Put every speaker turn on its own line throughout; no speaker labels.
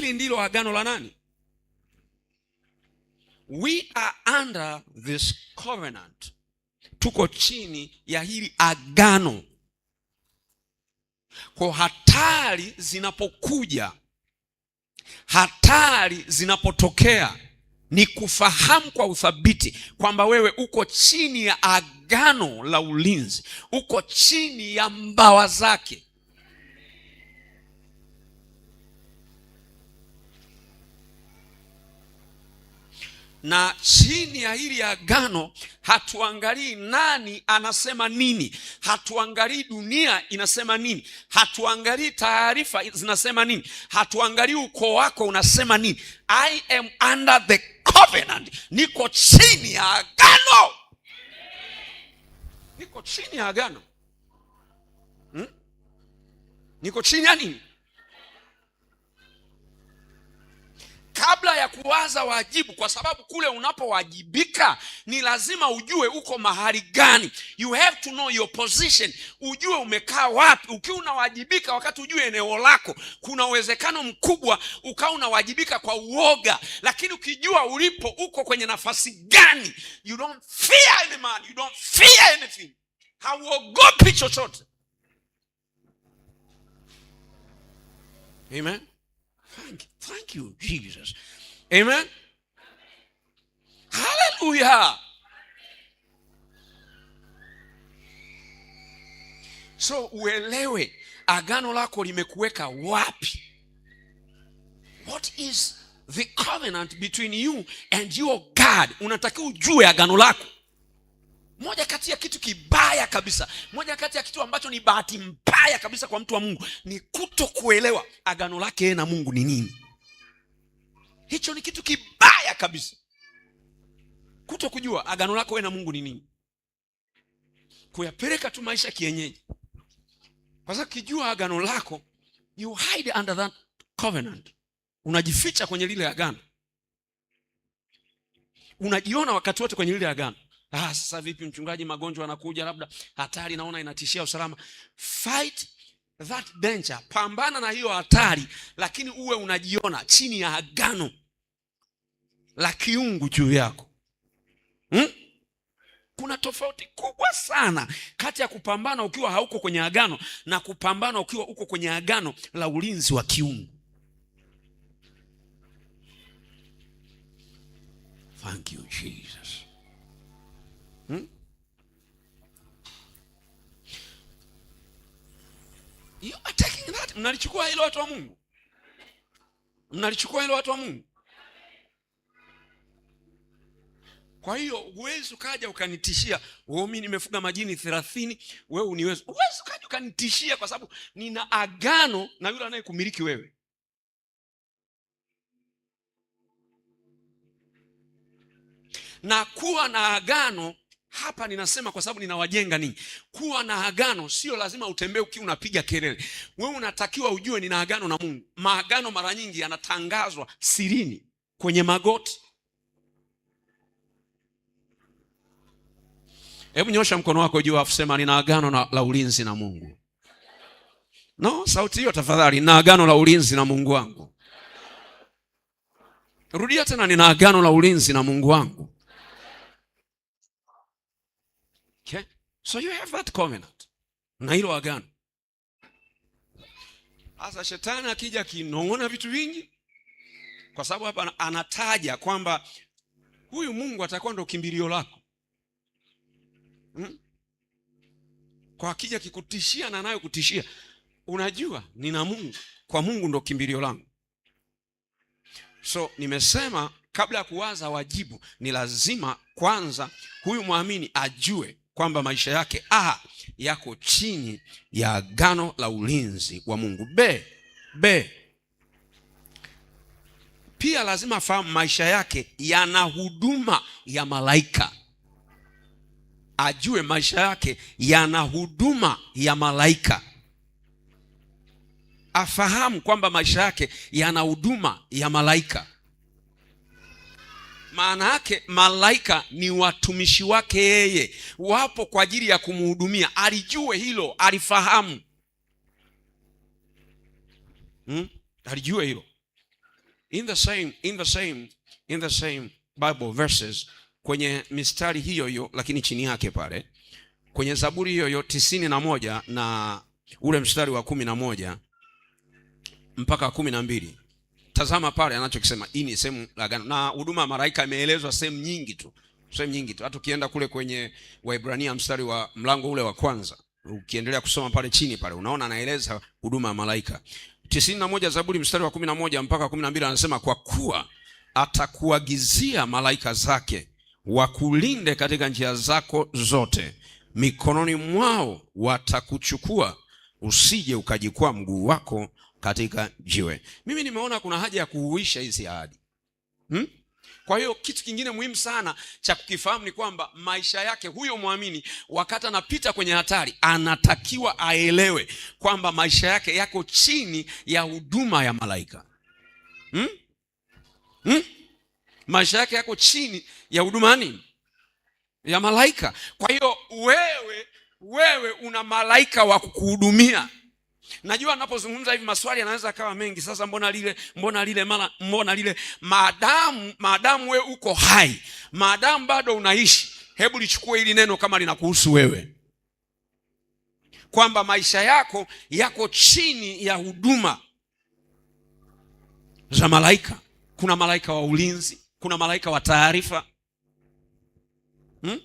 hili ndilo agano la nani? We are under this covenant, tuko chini ya hili agano. Kwa hatari zinapokuja, hatari zinapotokea, ni kufahamu kwa uthabiti kwamba wewe uko chini ya agano la ulinzi, uko chini ya mbawa zake. na chini ya hili agano hatuangalii nani anasema nini, hatuangalii dunia inasema nini, hatuangalii taarifa zinasema nini, hatuangalii ukoo wako unasema nini. I am under the covenant, niko chini ya agano, niko chini ya agano hmm? niko chini ya nini? kabla ya kuwaza wajibu, kwa sababu kule unapowajibika ni lazima ujue uko mahali gani. You have to know your position, ujue umekaa wapi. Ukiwa unawajibika wakati ujue eneo lako, kuna uwezekano mkubwa ukawa unawajibika kwa uoga, lakini ukijua ulipo, uko kwenye nafasi gani, you don't fear any man, you don't fear anything, hauogopi chochote. Amen. Thank, thank you, Jesus. Amen. Hallelujah. So uelewe agano lako limekuweka wapi? What is the covenant between you and your God? Unatakiwa ujue agano lako moja kati ya kitu kibaya kabisa, moja kati ya kitu ambacho ni bahati mbaya kabisa kwa mtu wa Mungu ni kuto kuelewa agano lake na Mungu ni nini. Hicho ni kitu kibaya kabisa, kuto kujua agano lako wewe na Mungu ni nini, kuyapeleka tu maisha kienyeji, kwa sababu kijua agano lako, you hide under that covenant, unajificha kwenye lile agano, unajiona wakati wote kwenye lile agano Ah, sasa vipi mchungaji, magonjwa yanakuja, labda hatari, naona inatishia usalama. Fight that danger, pambana na hiyo hatari, lakini uwe unajiona chini ya agano la kiungu juu yako hmm? Kuna tofauti kubwa sana kati ya kupambana ukiwa hauko kwenye agano na kupambana ukiwa uko kwenye agano la ulinzi wa kiungu. Thank you, Jesus. Hmm? You are taking that. Mnalichukua hilo watu wa Mungu, mnalichukua hilo watu wa Mungu. Kwa hiyo huwezi ukaja ukanitishia mi nimefuga majini thelathini, wewe uniwezi. Huwezi ukaja ukanitishia kwa sababu nina agano na yule anayekumiliki wewe. Na kuwa na agano hapa ninasema kwa sababu ninawajenga nini Kuwa na agano sio lazima utembee ukiwa unapiga kelele. Wewe unatakiwa ujue nina agano na Mungu. Maagano mara nyingi yanatangazwa sirini kwenye magoti. Hebu nyosha mkono wako juu afu nina agano na, la ulinzi na Mungu. No, sauti hiyo tafadhali. Nina agano la ulinzi na Mungu wangu. Rudia tena, nina agano la ulinzi na Mungu wangu. Okay? So you have that covenant. Na hilo agano. Sasa shetani akija kinong'ona vitu vingi kwa sababu hapa anataja kwamba huyu Mungu atakuwa ndo kimbilio lako. Hmm? Kwa akija kikutishia na nayo kutishia, unajua nina Mungu, kwa Mungu ndo kimbilio langu. So nimesema kabla ya kuwaza wajibu, ni lazima kwanza huyu mwamini ajue kwamba maisha yake a yako chini ya agano la ulinzi wa Mungu. B, B pia lazima afahamu maisha yake yana huduma ya malaika, ajue maisha yake yana huduma ya malaika, afahamu kwamba maisha yake yana huduma ya malaika maana yake malaika ni watumishi wake yeye, wapo kwa ajili ya kumhudumia. Alijue hilo, alifahamu hmm? Alijue hilo. In the same, in the same, in the same Bible verses, kwenye mistari hiyo hiyo lakini chini yake pale kwenye Zaburi hiyo hiyo tisini na moja na ule mstari wa kumi na moja mpaka kumi na mbili tazama pale anachokisema, hii ni sehemu la agano, na huduma ya malaika imeelezwa sehemu nyingi tu, sehemu nyingi tu. Hata ukienda kule kwenye Waibrania mstari wa mlango ule wa kwanza, ukiendelea kusoma pale chini pale, unaona anaeleza huduma ya malaika. tisini na moja Zaburi mstari wa kumi na moja mpaka kumi na mbili anasema kwa kuwa atakuagizia malaika zake wakulinde katika njia zako zote, mikononi mwao watakuchukua, usije ukajikwaa mguu wako katika jiwe. Mimi nimeona kuna haja ya kuuisha hizi ahadi hmm? Kwa hiyo kitu kingine muhimu sana cha kukifahamu ni kwamba maisha yake huyo mwamini, wakati anapita kwenye hatari, anatakiwa aelewe kwamba maisha yake yako chini ya huduma ya malaika hmm? Hmm? maisha yake yako chini ya huduma ni Ya malaika. Kwa hiyo wewe, wewe una malaika wa kukuhudumia. Najua napozungumza hivi maswali anaweza akawa mengi. Sasa mbona lile, mbona lile, mara mbona lile. Maadamu maadamu wewe uko hai, maadamu bado unaishi, hebu lichukue hili neno kama linakuhusu wewe, kwamba maisha yako yako chini ya huduma za malaika. Kuna malaika wa ulinzi, kuna malaika wa taarifa hmm?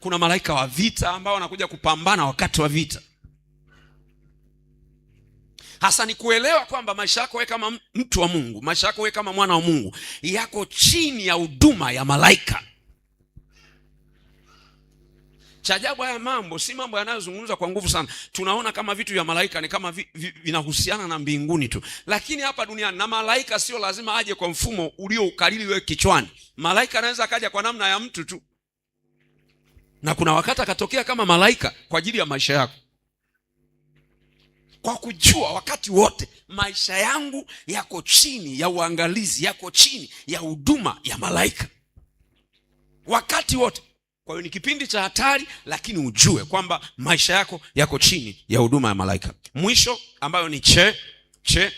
kuna malaika wa vita ambao wanakuja kupambana wakati wa vita. Hasa ni kuelewa kwamba maisha yako wewe kama mtu wa Mungu, maisha yako wewe kama mwana wa Mungu yako chini ya huduma ya malaika. chajabu haya mambo si mambo yanayozungumzwa kwa nguvu sana. Tunaona kama vitu vya malaika ni kama vinahusiana na mbinguni tu, lakini hapa duniani na malaika sio lazima aje kwa mfumo ukalili wewe kichwani. Malaika anaweza akaja kwa namna ya mtu tu na kuna wakati akatokea kama malaika kwa ajili ya maisha yako, kwa kujua wakati wote maisha yangu yako chini ya uangalizi, yako chini ya huduma ya malaika wakati wote. Kwa hiyo ni kipindi cha hatari, lakini ujue kwamba maisha yako yako chini ya huduma ya malaika. Mwisho ambayo ni che che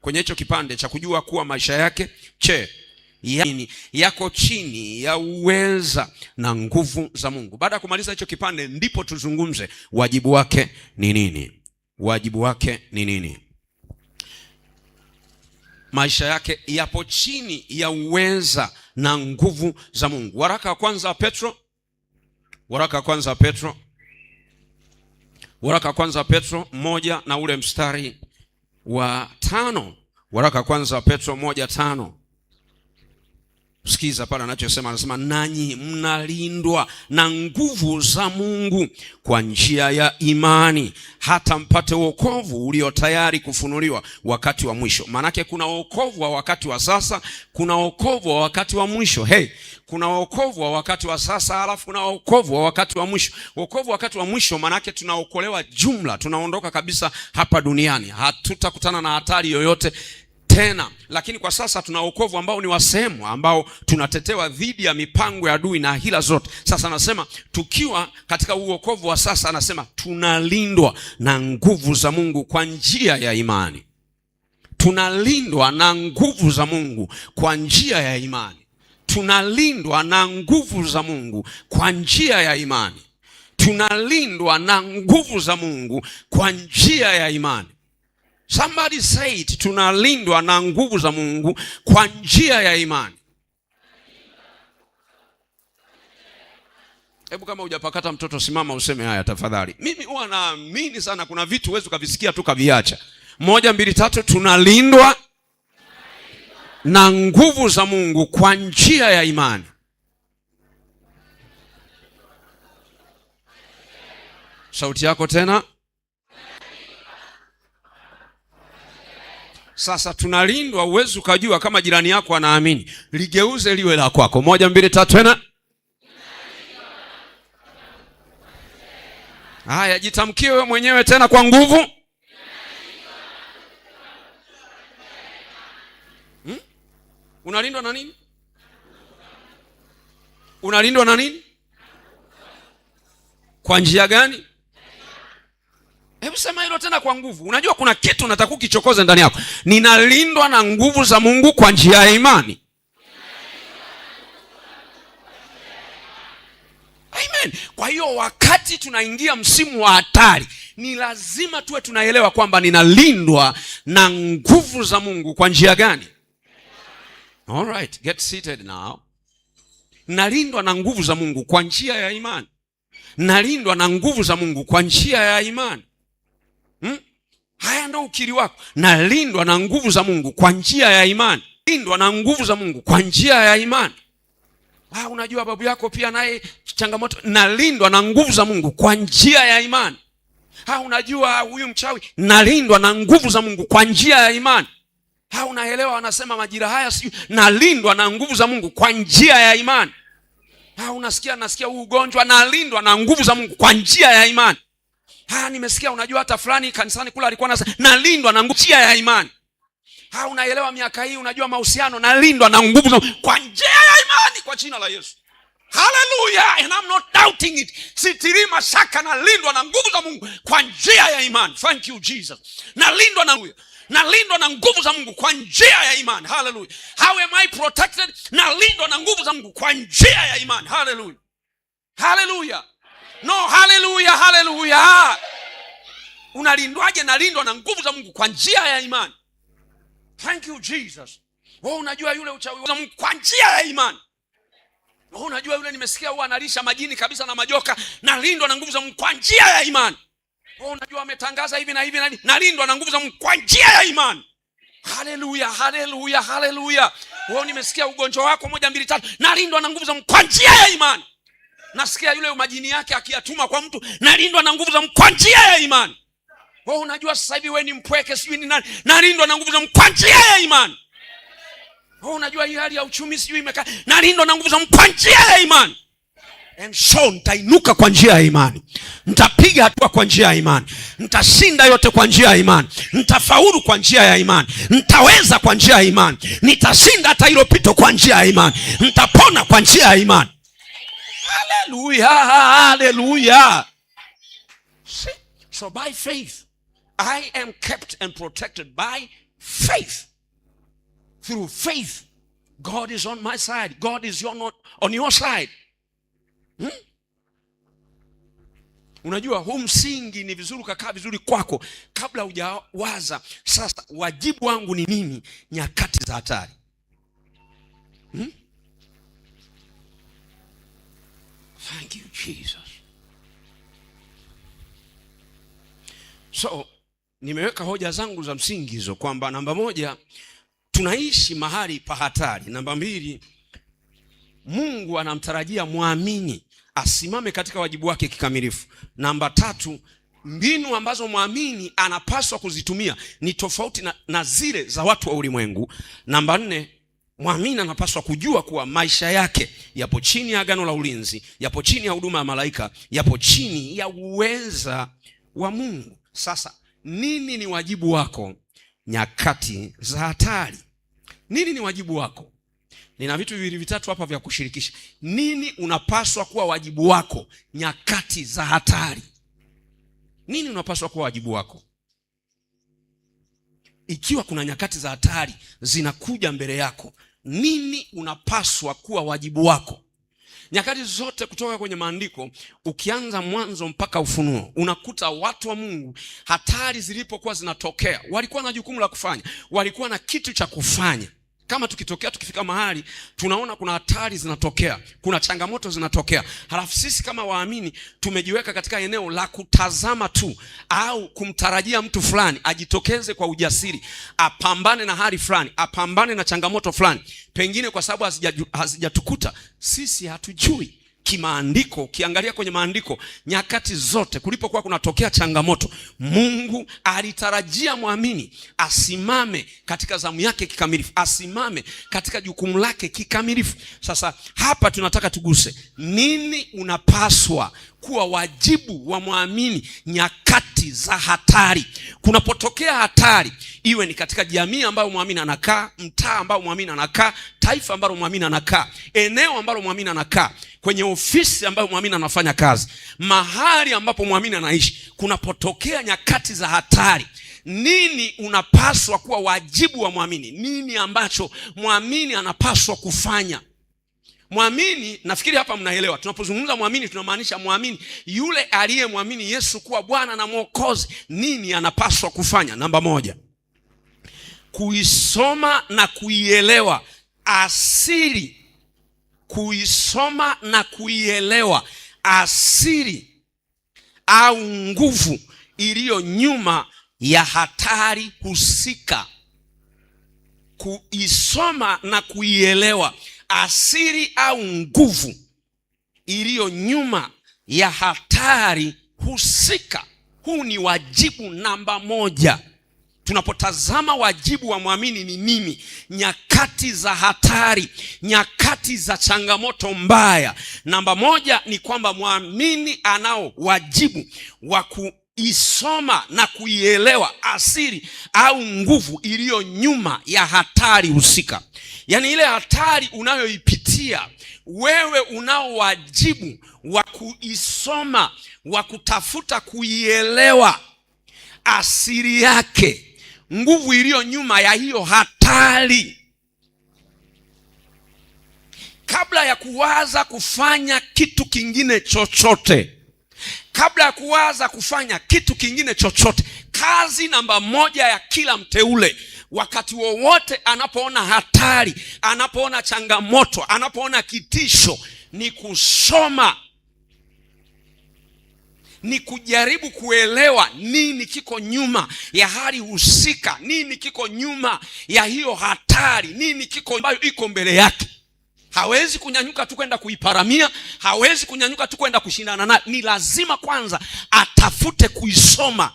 kwenye hicho kipande cha kujua kuwa maisha yake che yani yako chini ya uweza na nguvu za Mungu. Baada ya kumaliza hicho kipande, ndipo tuzungumze wajibu wake ni nini. Wajibu wake ni nini? Maisha yake yapo chini ya uweza na nguvu za Mungu. Waraka wa kwanza wa Petro, waraka wa kwanza wa Petro, waraka wa kwanza wa Petro moja na ule mstari wa tano, waraka wa kwanza wa Petro moja tano Sikiza pale anachosema, anasema nanyi mnalindwa na nguvu za Mungu kwa njia ya imani, hata mpate wokovu ulio tayari kufunuliwa wakati wa mwisho. Maanake kuna wokovu wa wakati wa sasa, kuna wokovu wa wakati wa mwisho. Hey, kuna wokovu wa wakati wa sasa, alafu kuna wokovu wa wakati wa mwisho. Wokovu wakati wa mwisho maanake tunaokolewa jumla, tunaondoka kabisa hapa duniani, hatutakutana na hatari yoyote tena. Lakini kwa sasa tuna wokovu ambao ni wasehemu, ambao tunatetewa dhidi ya mipango ya adui na hila zote. Sasa anasema tukiwa katika uokovu wa sasa, anasema tunalindwa na nguvu za Mungu kwa njia ya imani. Tunalindwa na nguvu za Mungu kwa njia ya imani. Tunalindwa na nguvu za Mungu kwa njia ya imani. Tunalindwa na nguvu za Mungu kwa njia ya imani. Somebody said tunalindwa na nguvu za Mungu kwa njia ya imani. Hebu kama hujapakata mtoto, simama useme haya tafadhali. Mimi huwa naamini sana, kuna vitu huwezi ukavisikia tu kaviacha. Moja, mbili, tatu, tunalindwa na nguvu za Mungu kwa njia ya imani. Sauti yako tena Sasa tunalindwa, uwezi ukajua kama jirani yako anaamini. Ligeuze liwe la kwako. Moja, mbili, tatu, tena. Haya, jitamkie wewe mwenyewe tena kwa nguvu. Hmm? Unalindwa na nini? Unalindwa na nini? Kwa njia gani? Hebu sema hilo tena kwa nguvu. Unajua kuna kitu nataka ukichokoze ndani yako. Ninalindwa na nguvu za Mungu kwa njia ya imani. Amen. Kwa hiyo wakati tunaingia msimu wa hatari, ni lazima tuwe tunaelewa kwamba ninalindwa na nguvu za Mungu kwa njia gani? All right, get seated now. Nalindwa na nguvu za Mungu kwa njia ya imani. Nalindwa na nguvu za Mungu kwa njia ya imani hmm? Haya ndo ukiri wako, nalindwa na nguvu za Mungu kwa njia ya imani, lindwa na nguvu za Mungu kwa njia ya imani. Ah, unajua babu yako pia naye changamoto, nalindwa na nguvu za Mungu kwa njia ya imani. Ha, ah, unajua huyu mchawi, nalindwa na nguvu za Mungu kwa njia ya imani. Ha, ah, unaelewa wanasema majira haya si nalindwa na nguvu za Mungu kwa njia ya imani. Ha, ah, unasikia nasikia huu ugonjwa, nalindwa na nguvu za Mungu kwa njia ya imani. Ha, nimesikia unajua hata fulani kanisani kula alikuwa na nalindwa na nguvu ya imani. Ha, unaelewa miaka hii unajua mahusiano nalindwa na nguvu na kwa njia ya imani kwa jina la Yesu. Hallelujah and I'm not doubting it. Sitiri mashaka nalindwa na nguvu za Mungu kwa njia ya imani. Thank you Jesus. Nalindwa na nguvu. Nalindwa na nguvu za Mungu kwa njia ya imani. Hallelujah. How am I protected? Nalindwa na nguvu za Mungu kwa njia ya imani. Hallelujah. Hallelujah. No, haleluya, haleluya. Unalindwaje? Nalindwa na nguvu za Mungu kwa njia ya imani. Thank you Jesus. Wewe oh, unajua yule uchawi wa Mungu kwa njia ya imani. Wewe oh, unajua yule nimesikia huwa analisha majini kabisa na majoka, nalindwa na nguvu za Mungu kwa njia ya imani. Wewe oh, unajua ametangaza hivi na hivi na nalindwa na nguvu za Mungu kwa njia ya imani. Haleluya, haleluya, haleluya. Wewe nimesikia ugonjwa wako moja mbili tatu, nalindwa na nguvu za Mungu kwa njia ya imani nasikia yule majini yake akiyatuma kwa mtu, nalindwa na nguvu za Mungu kwa njia ya imani. Wewe unajua sasa hivi wewe ni mpweke, sijui ni nani, nalindwa na nguvu za Mungu kwa njia ya imani. Wewe unajua hii hali ya uchumi sijui imekaa, nalindwa na nguvu za Mungu kwa njia ya imani. And so ntainuka kwa njia ya imani, ntapiga hatua kwa njia ya imani, ntashinda yote kwa njia ya imani, ntafaulu kwa njia ya imani, ntaweza kwa njia ya imani, nitashinda hata hilo pito kwa njia ya imani, ntapona kwa njia ya imani. Hallelujah, hallelujah. See? So by faith, I am kept and protected by faith. Through faith, God is on my side. God is your not on your side. Hmm? Unajua huu msingi ni vizuri ukakaa vizuri kwako kabla hujawaza sasa wajibu wangu ni nini nyakati za hatari. Hmm? Thank you, Jesus. So nimeweka hoja zangu za msingi hizo kwamba namba moja, tunaishi mahali pa hatari. Namba mbili, Mungu anamtarajia mwamini asimame katika wajibu wake kikamilifu. Namba tatu, mbinu ambazo mwamini anapaswa kuzitumia ni tofauti na, na zile za watu wa ulimwengu. Namba nne, Mwamini anapaswa kujua kuwa maisha yake yapo chini ya agano la ulinzi, yapo chini ya huduma ya malaika, yapo chini ya uweza wa Mungu. Sasa nini ni wajibu wako nyakati za hatari? Nini ni wajibu wako? Nina vitu viwili vitatu hapa vya kushirikisha. Nini unapaswa kuwa wajibu wako nyakati za hatari? Nini unapaswa kuwa wajibu wako? ikiwa kuna nyakati za hatari zinakuja mbele yako, nini unapaswa kuwa wajibu wako? Nyakati zote kutoka kwenye maandiko ukianza Mwanzo mpaka Ufunuo unakuta watu wa Mungu hatari zilipokuwa zinatokea, walikuwa na jukumu la kufanya, walikuwa na kitu cha kufanya, kama tukitokea tukifika mahali tunaona kuna hatari zinatokea, kuna changamoto zinatokea, halafu sisi kama waamini tumejiweka katika eneo la kutazama tu au kumtarajia mtu fulani ajitokeze kwa ujasiri, apambane na hali fulani, apambane na changamoto fulani, pengine kwa sababu hazijatukuta sisi, hatujui kimaandiko, ukiangalia kwenye maandiko, nyakati zote kulipokuwa kunatokea changamoto, Mungu alitarajia mwamini asimame katika zamu yake kikamilifu, asimame katika jukumu lake kikamilifu. Sasa hapa tunataka tuguse nini unapaswa kuwa wajibu wa mwamini nyakati za hatari. Kunapotokea hatari, iwe ni katika jamii ambayo mwamini anakaa, mtaa ambao mwamini anakaa, taifa ambalo mwamini anakaa, eneo ambalo mwamini anakaa, kwenye ofisi ambayo mwamini anafanya kazi, mahali ambapo mwamini anaishi, kunapotokea nyakati za hatari nini unapaswa kuwa wajibu wa mwamini? Nini ambacho mwamini anapaswa kufanya? Mwamini, nafikiri hapa mnaelewa. Tunapozungumza mwamini, tunamaanisha mwamini yule aliyemwamini Yesu kuwa Bwana na Mwokozi. Nini anapaswa kufanya? Namba moja, kuisoma na kuielewa asiri, kuisoma na kuielewa asiri au nguvu iliyo nyuma ya hatari husika. Kuisoma na kuielewa asiri au nguvu iliyo nyuma ya hatari husika. Huu ni wajibu namba moja. Tunapotazama wajibu wa mwamini ni nini, nyakati za hatari, nyakati za changamoto mbaya, namba moja ni kwamba mwamini anao wajibu wa ku isoma na kuielewa asiri au nguvu iliyo nyuma ya hatari husika, yaani ile hatari unayoipitia wewe, unao wajibu wa kuisoma, wa kutafuta kuielewa asiri yake, nguvu iliyo nyuma ya hiyo hatari, kabla ya kuwaza kufanya kitu kingine chochote kabla ya kuwaza kufanya kitu kingine chochote, kazi namba moja ya kila mteule wakati wowote anapoona hatari, anapoona changamoto, anapoona kitisho, ni kusoma, ni kujaribu kuelewa nini kiko nyuma ya hali husika, nini kiko nyuma ya hiyo hatari, nini kiko ambayo iko mbele yake. Hawezi kunyanyuka tu kwenda kuiparamia, hawezi kunyanyuka tu kwenda kushindana nayo. Ni lazima kwanza atafute kuisoma.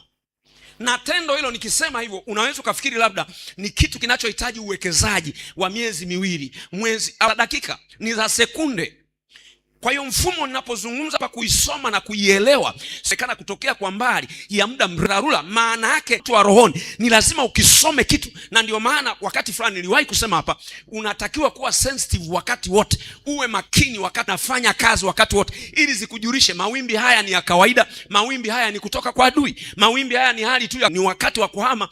Na tendo hilo, nikisema hivyo, unaweza ukafikiri labda ni kitu kinachohitaji uwekezaji wa miezi miwili, mwezi, dakika ni za sekunde kwa hiyo mfumo ninapozungumza pa kuisoma na kuielewa sekana kutokea kwa mbali ya muda mrarula, maana yake mtu wa rohoni ni lazima ukisome kitu, na ndio maana wakati fulani niliwahi kusema hapa, unatakiwa kuwa sensitive wakati wote, uwe makini wakati nafanya kazi wakati wote, ili zikujulishe mawimbi haya ni ya kawaida, mawimbi haya ni kutoka kwa adui, mawimbi haya ni hali tu, ni wakati wa kuhama.